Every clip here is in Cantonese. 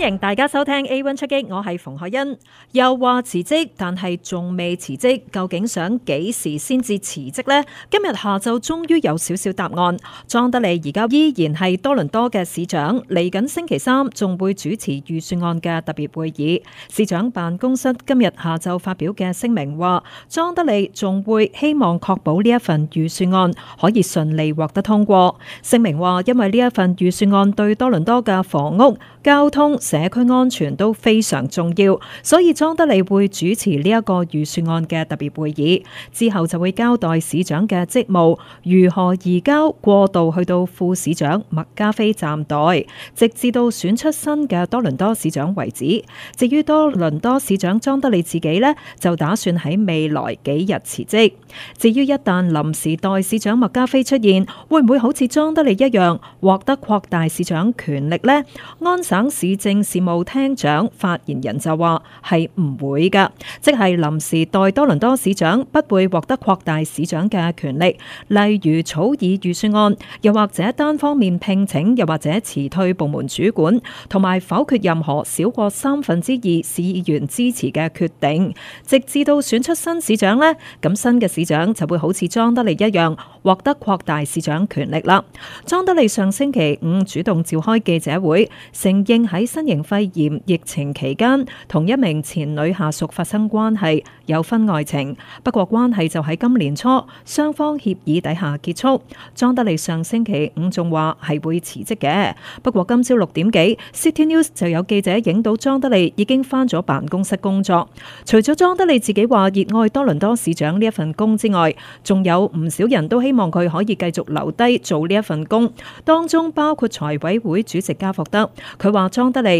歡迎大家收聽 A One 出擊，我係馮可欣。又話辭職，但係仲未辭職，究竟想幾時先至辭職呢？今日下晝終於有少少答案。莊德利而家依然係多倫多嘅市長，嚟緊星期三仲會主持預算案嘅特別會議。市長辦公室今日下晝發表嘅聲明話，莊德利仲會希望確保呢一份預算案可以順利獲得通過。聲明話，因為呢一份預算案對多倫多嘅房屋、交通。社區安全都非常重要，所以莊德利會主持呢一個預算案嘅特別會議，之後就會交代市長嘅職務如何移交過渡去到副市長麥加菲暫代，直至到選出新嘅多倫多市長為止。至於多倫多市長莊德利自己呢，就打算喺未來幾日辭職。至於一旦臨時代市長麥加菲出現，會唔會好似莊德利一樣獲得擴大市長權力呢？安省市政事務廳長發言人就話：係唔會噶，即係臨時代多倫多市長，不會獲得擴大市長嘅權力，例如草擬預算案，又或者單方面聘請，又或者辭退部門主管，同埋否決任何少過三分之二市議員支持嘅決定，直至到選出新市長呢，咁新嘅市長就會好似莊德利一樣，獲得擴大市長權力啦。莊德利上星期五主動召開記者會，承認喺新型肺炎疫情期間，同一名前女下屬發生關係，有婚外情。不過關係就喺今年初，雙方協議底下結束。莊德利上星期五仲話係會辭職嘅，不過今朝六點幾，City News 就有記者影到莊德利已經返咗辦公室工作。除咗莊德利自己話熱愛多倫多市長呢一份工之外，仲有唔少人都希望佢可以繼續留低做呢一份工，當中包括財委會主席加福德。佢話莊德利。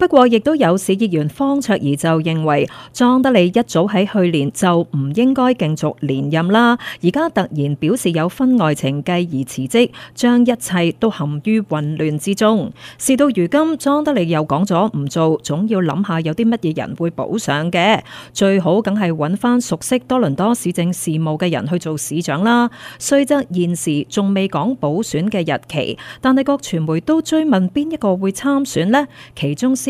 不過，亦都有市議員方卓儀就認為，莊德利一早喺去年就唔應該競逐連任啦。而家突然表示有婚外情繼而辭職，將一切都陷於混亂之中。事到如今，莊德利又講咗唔做，總要諗下有啲乜嘢人會補上嘅。最好梗係揾翻熟悉多倫多市政事務嘅人去做市長啦。雖則現時仲未講補選嘅日期，但係各傳媒都追問邊一個會參選呢？其中先。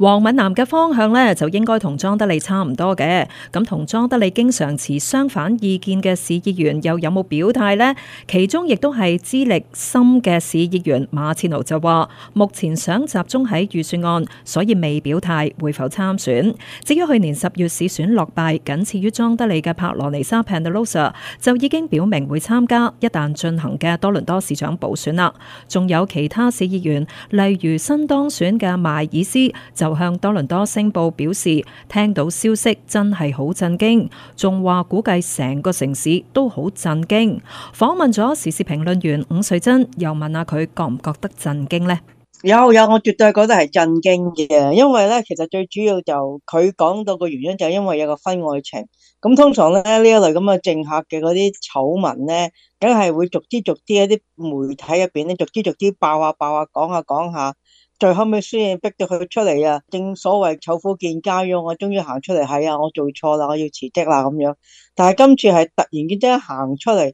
黃敏南嘅方向呢，就應該同莊德利差唔多嘅。咁同莊德利經常持相反意見嘅市議員又有冇表態呢？其中亦都係資歷深嘅市議員馬切奴就話：目前想集中喺預算案，所以未表態會否參選。至於去年十月市選落敗、僅次於莊德利嘅帕羅尼沙潘德盧莎，就已經表明會參加一旦進行嘅多倫多市長補選啦。仲有其他市議員，例如新當選嘅麥爾斯就向多倫多星報表示聽到消息真係好震驚，仲話估計成個城市都好震驚。訪問咗時事評論員伍瑞珍，又問下佢覺唔覺得震驚呢？有有，我絕對覺得係震驚嘅，因為呢其實最主要就佢、是、講到個原因就係因為有個婚外情。咁通常咧呢一類咁嘅政客嘅嗰啲醜聞呢，梗係會逐啲逐啲喺啲媒體入邊呢，逐啲逐啲爆下、啊、爆下、啊，講下、啊、講下、啊。最後尾雖然逼到佢出嚟啊！正所謂醜婦見家翁，我終於行出嚟，係啊！我做錯啦，我要辭職啦咁樣。但係今次係突然之間一行出嚟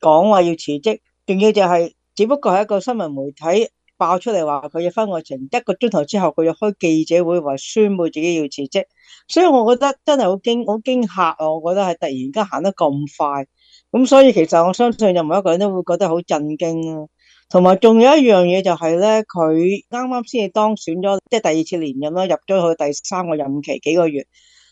講話要辭職，仲要就係、是、只不過係一個新聞媒體爆出嚟話佢要婚外情，一個鐘頭之後佢要開記者會話宣布自己要辭職。所以我覺得真係好驚好驚吓啊！我覺得係突然間行得咁快，咁所以其實我相信任何一個人都會覺得好震驚啊！同埋仲有一樣嘢就係咧，佢啱啱先至當選咗，即係第二次連任啦，入咗去第三個任期幾個月，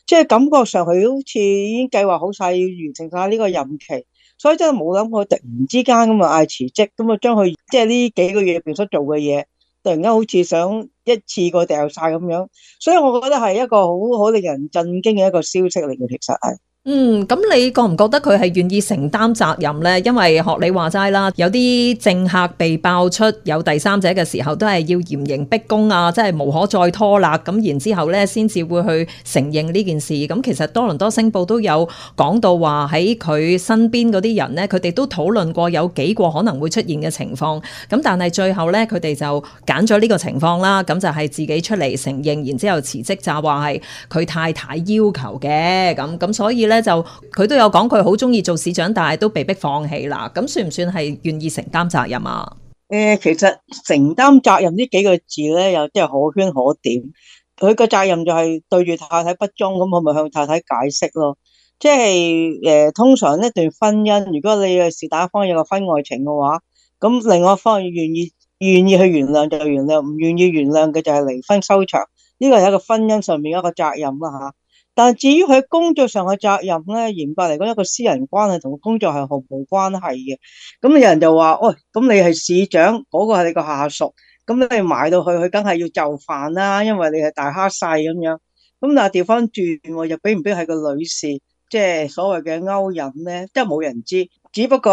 即係感覺上佢好似已經計劃好晒，要完成晒呢個任期，所以真係冇諗過突然之間咁啊嗌辭職，咁啊將佢即係呢幾個月入面所做嘅嘢，突然間好似想一次過掉晒咁樣，所以我覺得係一個好好令人震驚嘅一個消息嚟嘅，其實係。嗯，咁你覺唔覺得佢係願意承擔責任咧？因為學你話齋啦，有啲政客被爆出有第三者嘅時候，都係要嚴刑逼供啊，即係無可再拖啦。咁然之後咧，先至會去承認呢件事。咁其實多倫多星報都有講到話喺佢身邊嗰啲人咧，佢哋都討論過有幾個可能會出現嘅情況。咁但係最後咧，佢哋就揀咗呢個情況啦。咁就係自己出嚟承認，然之後辭職就話係佢太太要求嘅。咁咁所以咧。咧就佢都有講佢好中意做市長，但係都被逼放棄啦。咁算唔算係願意承擔責任啊？誒、呃，其實承擔責任呢幾個字咧，又即係可圈可點。佢個責任就係對住太太不忠咁，我咪向太太解釋咯。即係誒、呃，通常呢段婚姻，如果你係事打方有一個婚外情嘅話，咁另外一方願意願意去原諒就原諒，唔願意原諒嘅就係離婚收場。呢個係一個婚姻上面一個責任啊吓。但至於佢工作上嘅責任咧，嚴格嚟講，一個私人關係同個工作係毫無關係嘅。咁有人就話，喂、哎，咁你係市長，嗰、那個係你個下屬，咁你賣到去，佢梗係要就範啦，因為你係大蝦細咁樣。咁但係調翻轉又比唔比係個女士，即、就、係、是、所謂嘅勾引咧，即係冇人知。只不過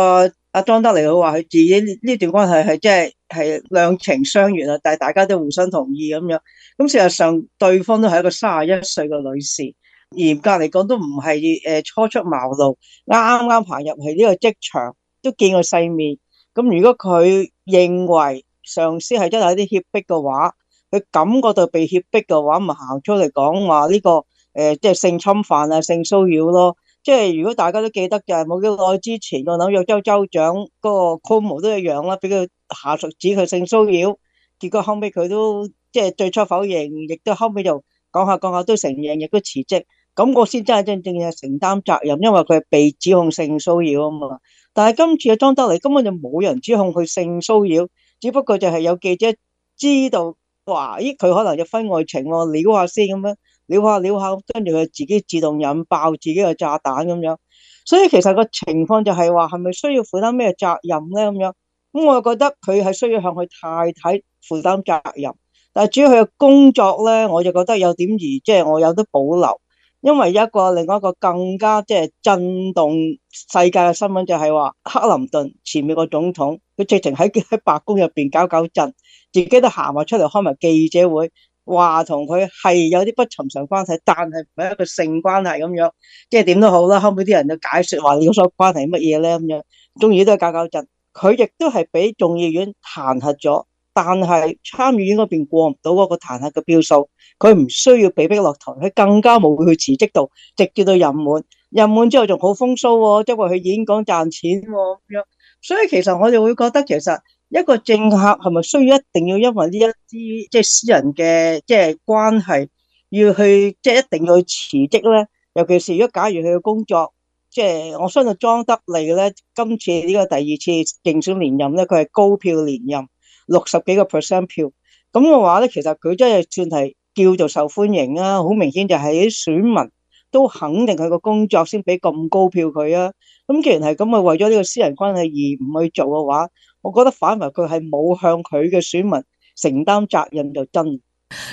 阿莊德利佢話佢自己呢段關係係即係係兩情相悅啊，但係大家都互相同意咁樣。咁事實上對方都係一個三十一歲嘅女士。嚴格嚟講都唔係誒初出茅廬，啱啱行入去呢個職場，都見過世面。咁如果佢認為上司係真係有啲脅迫嘅話，佢感覺到被脅迫嘅話，咪行出嚟講話呢個誒，即、呃、係、就是、性侵犯啊，性騷擾咯。即係如果大家都記得就係，冇幾耐之前，我諗紐約州州長嗰個 Cuomo 都一樣啦，俾佢下屬指佢性騷擾，結果後尾，佢都即係最初否認，亦都後尾就講下講下都承認，亦都辭職。咁我先真係真正嘅承擔責任，因為佢係被指控性騷擾啊嘛。但係今次嘅莊德利根本就冇人指控佢性騷擾，只不過就係有記者知道話：咦，佢可能有婚外情喎，撩下先咁樣，撩下撩下，跟住佢自己自動引爆自己嘅炸彈咁樣。所以其實個情況就係話，係咪需要負擔咩責任咧？咁樣咁我又覺得佢係需要向佢太太負擔責任，但係主要佢嘅工作咧，我就覺得有點疑，即係我有得保留。因為一個另外一個更加即係震動世界嘅新聞就係話克林頓前面個總統，佢直情喺喺白宮入邊搞搞震，自己都行埋出嚟開埋記者會，話同佢係有啲不尋常關係，但係唔係一個性關係咁樣，即係點都好啦，後尾啲人就解說話你所關係乜嘢咧咁樣，終於都係搞搞震，佢亦都係俾眾議院彈劾咗。但係參議院嗰邊過唔到嗰個彈劾嘅票數，佢唔需要被逼落台，佢更加冇去辭職度，直至到任滿。任滿之後仲好風騷喎、哦，即係話去演講賺錢咁、哦、樣。所以其實我哋會覺得，其實一個政客係咪需要一定要因為呢一啲即係私人嘅即係關係要去即係、就是、一定要去辭職咧？尤其是如果假如佢嘅工作即係、就是、我相信莊德利咧，今次呢個第二次競選連任咧，佢係高票連任。六十幾個 percent 票，咁嘅話咧，其實佢真係算係叫做受歡迎啦、啊，好明顯就係啲選民都肯定佢個工作先俾咁高票佢啊。咁既然係咁啊，佢為咗呢個私人關係而唔去做嘅話，我覺得反為佢係冇向佢嘅選民承擔責任就真。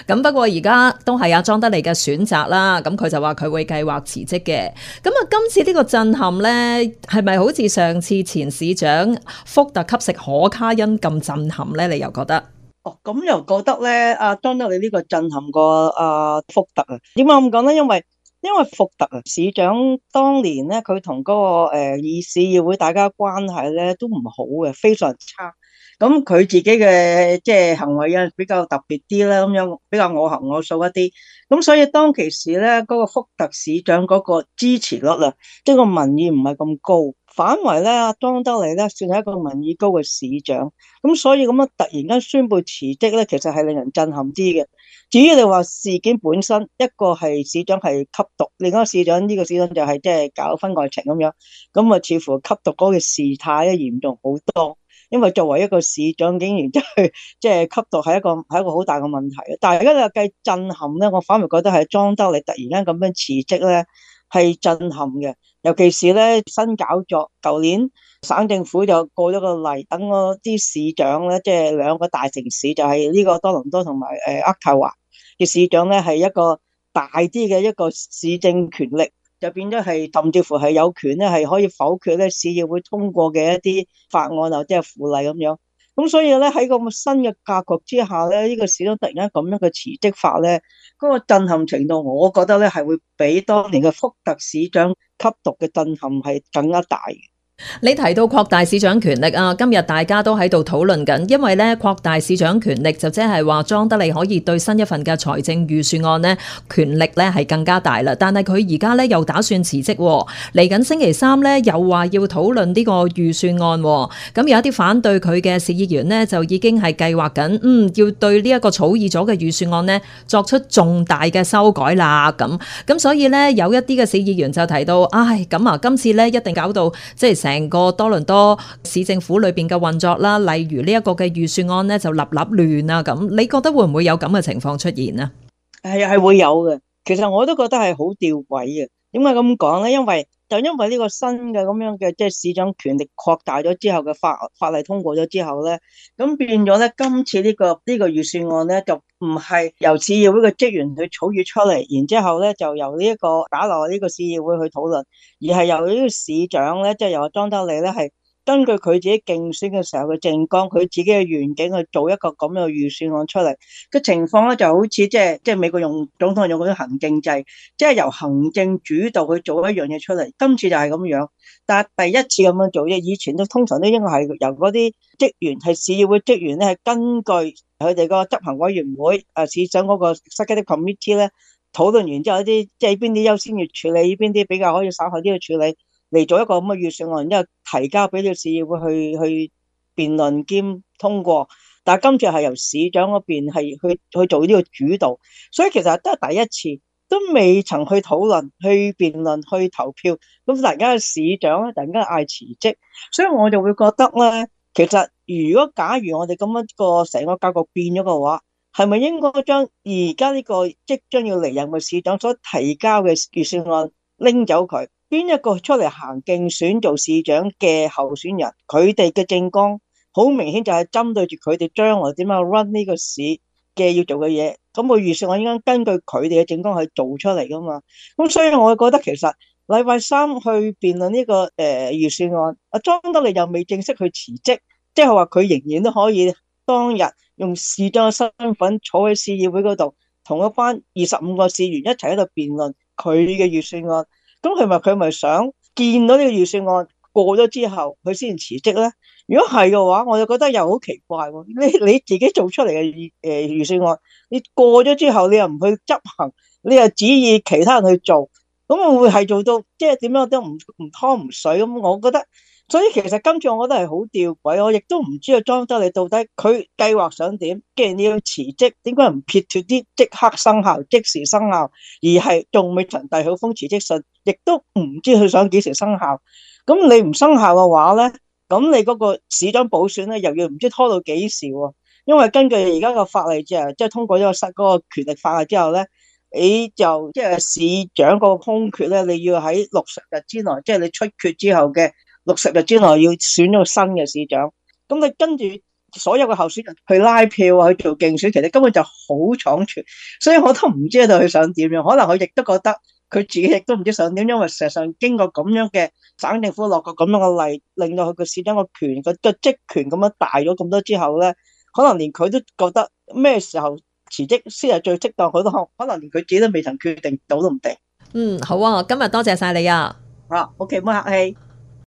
咁不過而家都係阿莊德利嘅選擇啦。咁佢就話佢會計劃辭職嘅。咁啊，今次呢個震撼咧，係咪好似上次前市長福特吸食可卡因咁震撼咧？你又覺得？哦，咁又覺得咧，阿莊德利呢個震撼過阿、啊、福特啊？點解咁講咧？因為因為福特市長當年咧，佢同嗰個誒議、呃、市議會大家關係咧都唔好嘅，非常差。咁佢自己嘅即係行為啊，比較特別啲啦，咁樣比較我行我素一啲。咁所以當其時咧，嗰、那個福特市長嗰個支持率啊，即、那個民意唔係咁高，反為咧阿莊德利嚟咧，算係一個民意高嘅市長。咁所以咁樣突然間宣布辭職咧，其實係令人震撼啲嘅。至於你話事件本身，一個係市長係吸毒，另一個市長呢、這個市長就係即係搞婚外情咁樣，咁啊似乎吸毒嗰個事態咧嚴重好多。因為作為一個市長，竟然即係即係吸毒，係一個係一個好大嘅問題。但係而家你又計震撼咧，我反而覺得係莊德利突然間咁樣辭職咧，係震撼嘅。尤其是咧新搞作，舊年省政府就過咗個例，等嗰啲市長咧，即係兩個大城市，就係呢個多倫多同埋誒渥太華嘅市長咧，係一個大啲嘅一個市政權力。就變咗係甚至乎係有權咧，係可以否決咧，市議會通過嘅一啲法案或者係附例咁樣。咁所以咧，喺個新嘅格局之下咧，呢個市長突然間咁樣嘅辭職法咧，嗰個震撼程度，我覺得咧係會比當年嘅福特市長吸毒嘅震撼係更加大嘅。你提到擴大市長權力啊，今日大家都喺度討論緊，因為咧擴大市長權力就即係話莊德利可以對新一份嘅財政預算案呢，權力咧係更加大啦。但係佢而家咧又打算辭職，嚟緊星期三咧又話要討論呢個預算案，咁有一啲反對佢嘅市議員呢，就已經係計劃緊，嗯，要對呢一個草擬咗嘅預算案呢作出重大嘅修改啦。咁咁所以呢，有一啲嘅市議員就提到，唉，咁啊，今次呢一定搞到即係。成個多倫多市政府裏邊嘅運作啦，例如呢一個嘅預算案咧，就立立亂啊！咁，你覺得會唔會有咁嘅情況出現啊？係，係會有嘅，其實我都覺得係好吊詭嘅。點解咁講咧？因為就因為呢個新嘅咁樣嘅，即係市長權力擴大咗之後嘅法法例通過咗之後咧，咁變咗咧，今次呢個呢個預算案咧就。唔係由市議會個職員去草擬出嚟，然之後咧就由呢一個打落呢個市議會去討論，而係由呢個市長咧，即係由莊德利咧係。根據佢自己競選嘅時候嘅政綱，佢自己嘅願景去做一個咁樣嘅預算案出嚟嘅情況咧、就是，就好似即係即係美國用總統用嗰啲行政制，即係由行政主導去做一樣嘢出嚟。今次就係咁樣，但係第一次咁樣做嘢，以前都通常都應該係由嗰啲職員係市議會職員咧，係根據佢哋個執行委員會啊市長嗰個 special committee 咧討論完之後一啲，啲即係邊啲優先要處理，邊啲比較可以稍後啲去處理。嚟做一個咁嘅預算案，一個提交俾啲市議會去去辯論兼通過。但係今次係由市長嗰邊係去去做呢個主導，所以其實都係第一次，都未曾去討論、去辯論、去投票。咁突然間，市長咧突然間嗌辭職，所以我就會覺得咧，其實如果假如我哋咁樣個成個格局變咗嘅話，係咪應該將而家呢個即將要離任嘅市長所提交嘅預算案拎走佢？邊一個出嚟行競選做市長嘅候選人，佢哋嘅政綱好明顯就係針對住佢哋將來點樣 run 呢個市嘅要做嘅嘢，咁個預算案應該根據佢哋嘅政綱去做出嚟噶嘛？咁所以我覺得其實禮拜三去辯論呢個誒預算案，阿莊德利又未正式去辭職，即係話佢仍然都可以當日用市長嘅身份坐喺市議會嗰度，同一班二十五個市員一齊喺度辯論佢嘅預算案。咁係咪佢咪想見到呢個預算案過咗之後佢先辭職咧？如果係嘅話，我就覺得又好奇怪喎。你你自己做出嚟嘅，誒預算案，你過咗之後你又唔去執行，你又指意其他人去做，咁會係做到即係點樣都唔唔湯唔水咁？我覺得。所以其實今次我覺得係好吊詭，我亦都唔知阿莊生你到底佢計劃想點。既然你要辭職，點解唔撇脱啲即刻生效，即時生效，而係仲未曾遞好封辭職信，亦都唔知佢想幾時生效。咁你唔生效嘅話咧，咁你嗰個市長補選咧又要唔知拖到幾時？因為根據而家、就是、個法例之後，即係通過咗嗰個權力法例之後咧，你就即係、就是、市長個空缺咧，你要喺六十日之內，即、就、係、是、你出缺之後嘅。六十日之內要選咗個新嘅市長，咁佢跟住所有嘅候選人去拉票啊，去做競選，其實根本就好倉促，所以我都唔知道佢想點樣。可能佢亦都覺得佢自己亦都唔知想點，因為事實上經過咁樣嘅省政府落過咁樣嘅例，令到佢個市長個權個個職權咁樣大咗咁多之後咧，可能連佢都覺得咩時候辭職先係最適當。佢都可能連佢自己都未曾決定到都唔定。嗯，好啊，今日多謝晒你啊。好啦，OK，唔好客氣。